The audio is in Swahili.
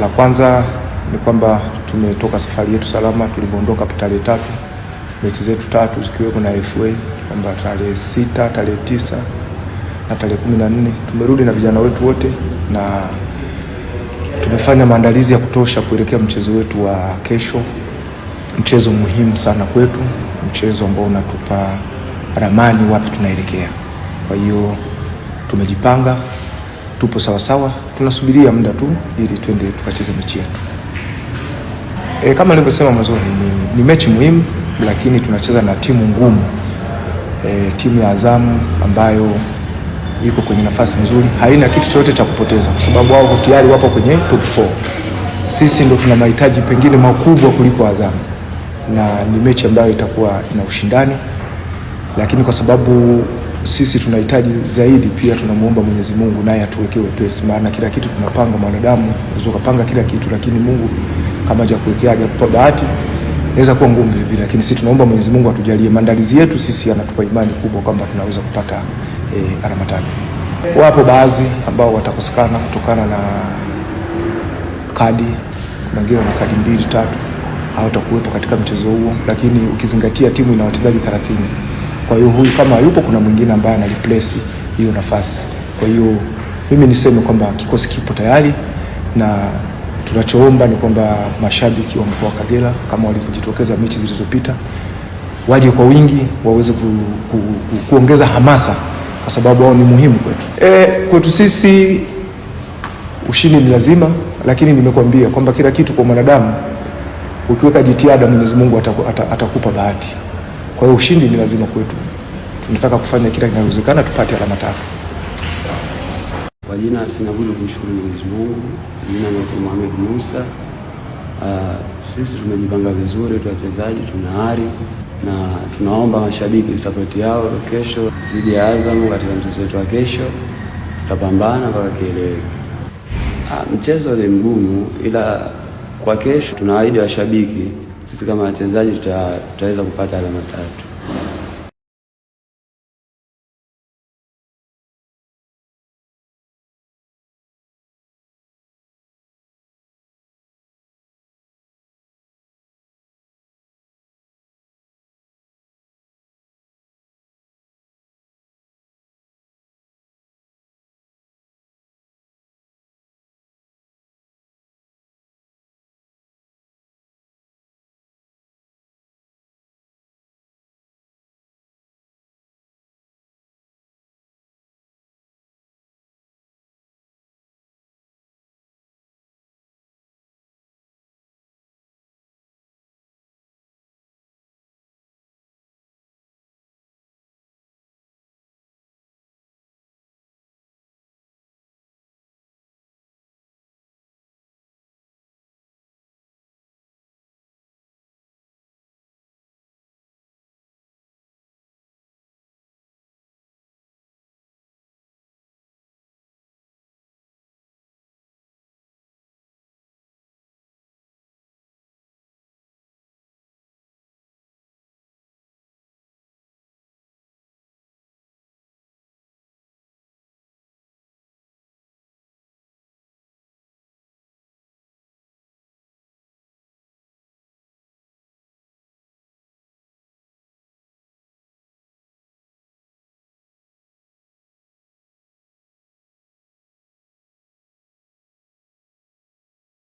La kwanza ni kwamba tumetoka safari yetu salama, tulivyoondoka tarehe tatu, mechi zetu tatu zikiwemo na FA kwamba tarehe sita, tarehe tisa na tarehe kumi na nne tumerudi na vijana wetu wote na tumefanya maandalizi ya kutosha kuelekea mchezo wetu wa kesho, mchezo muhimu sana kwetu, mchezo ambao unatupa ramani wapi tunaelekea. Kwa hiyo tumejipanga, tupo sawasawa sawa tunasubiria muda tu ili twende tukacheze mechi yetu. E, kama nilivyosema mwanzoni ni, ni mechi muhimu, lakini tunacheza na timu ngumu e, timu ya Azamu ambayo iko kwenye nafasi nzuri, haina kitu chochote cha kupoteza, kwa sababu wao tayari wapo kwenye top 4. Sisi ndo tuna mahitaji pengine makubwa kuliko Azamu, na ni mechi ambayo itakuwa ina ushindani, lakini kwa sababu sisi tunahitaji zaidi, pia tunamuomba Mwenyezi Mungu naye atuwekee wepesi, maana kila kitu tunapanga, mwanadamu unaweza kupanga kila kitu, lakini Mungu kama hajakuwekea bahati inaweza kuwa ngumu vile vile, lakini sisi tunaomba Mwenyezi Mungu atujalie. Maandalizi yetu sisi anatupa imani kubwa kwamba tunaweza kupata e, alama tatu. Wapo baadhi ambao watakosekana kutokana na kadi, kuna wengine wana kadi mbili tatu, hawatakuwepo katika mchezo huo, lakini ukizingatia timu ina wachezaji 30 kwa hiyo huyu kama yupo, kuna mwingine ambaye ana replace hiyo nafasi. Kwa hiyo mimi niseme kwamba kikosi kipo tayari na tunachoomba ni kwamba mashabiki wa mkoa wa Kagera kama walivyojitokeza mechi zilizopita waje kwa wingi waweze ku, ku, ku, kuongeza hamasa kwa sababu wao ni muhimu kwetu. E, kwetu sisi ushindi ni lazima, lakini nimekuambia kwamba kila kitu kwa mwanadamu ukiweka jitihada, Mwenyezi Mungu atakupa bahati. Kwa hiyo ushindi ni lazima kwetu, tunataka kufanya kila kinachowezekana tupate alama tatu. Kwa jina sina budi kumshukuru Mwenyezi Mungu. Jina naitwa Mohamed Musa. Uh, sisi tumejipanga vizuri tu, wachezaji tuna ari na tunaomba mashabiki sapoti yao kesho zidi ya Azam katika mchezo wetu wa kesho, tutapambana mpaka kieleweke. Uh, ah, mchezo ni mgumu, ila kwa kesho tunaahidi washabiki sisi kama wachezaji tutaweza kupata alama tatu.